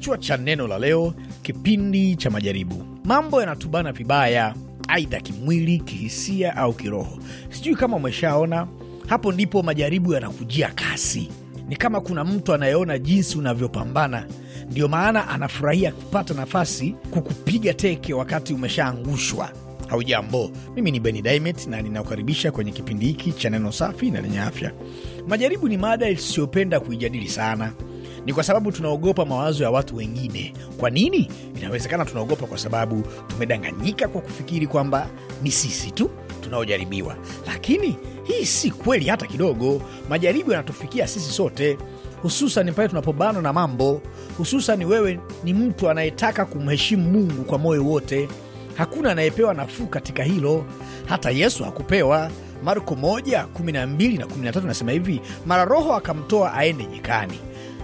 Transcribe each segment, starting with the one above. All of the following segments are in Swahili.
Kichwa cha neno la leo, kipindi cha majaribu. Mambo yanatubana vibaya, aidha kimwili, kihisia au kiroho. Sijui kama umeshaona, hapo ndipo majaribu yanakujia kasi. Ni kama kuna mtu anayeona jinsi unavyopambana, ndiyo maana anafurahia kupata nafasi kukupiga teke wakati umeshaangushwa. Haujambo, mimi ni Beni Dimet na ninakukaribisha kwenye kipindi hiki cha neno safi na lenye afya. Majaribu ni mada isiyopenda kuijadili sana ni kwa sababu tunaogopa mawazo ya watu wengine. Kwa nini? Inawezekana tunaogopa kwa sababu tumedanganyika kwa kufikiri kwamba ni sisi tu tunaojaribiwa, lakini hii si kweli hata kidogo. Majaribu yanatufikia sisi sote, hususan pale tunapobanwa na mambo. Hususan wewe ni mtu anayetaka kumheshimu Mungu kwa moyo wote, hakuna anayepewa nafuu katika hilo. Hata Yesu hakupewa. Marko 1:12 na 13 nasema hivi, mara Roho akamtoa aende nyikani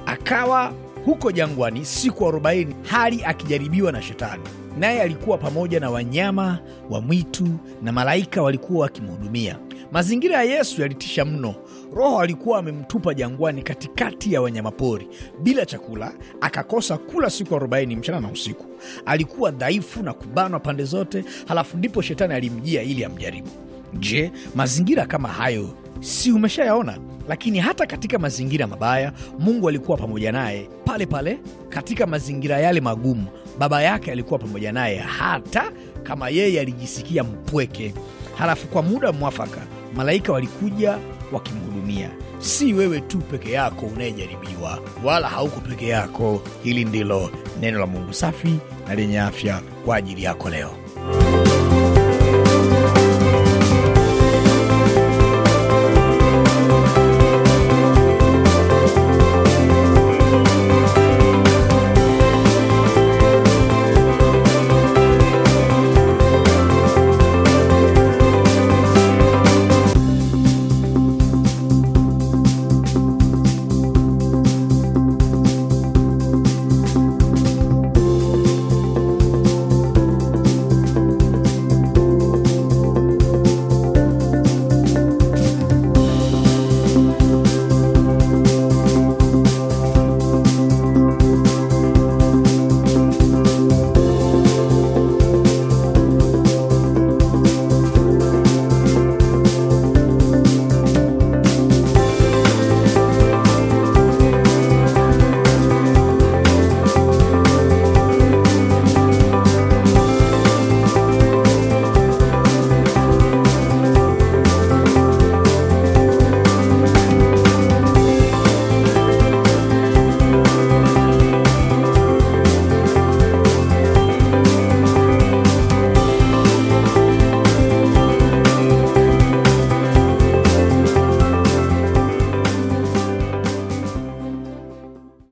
Akawa huko jangwani siku arobaini hali akijaribiwa na Shetani, naye alikuwa pamoja na wanyama wa mwitu na malaika walikuwa wakimhudumia. Mazingira ya Yesu yalitisha mno. Roho alikuwa amemtupa jangwani katikati ya wanyamapori bila chakula, akakosa kula siku arobaini mchana na usiku. Alikuwa dhaifu na kubanwa pande zote. Halafu ndipo shetani alimjia ili amjaribu. Je, mazingira kama hayo si umeshayaona? Lakini hata katika mazingira mabaya, Mungu alikuwa pamoja naye pale pale. Katika mazingira yale magumu, baba yake alikuwa pamoja naye, hata kama yeye alijisikia mpweke. Halafu kwa muda mwafaka, malaika walikuja wakimhudumia. Si wewe tu peke yako unayejaribiwa, wala hauko peke yako. Hili ndilo neno la Mungu safi na lenye afya kwa ajili yako leo.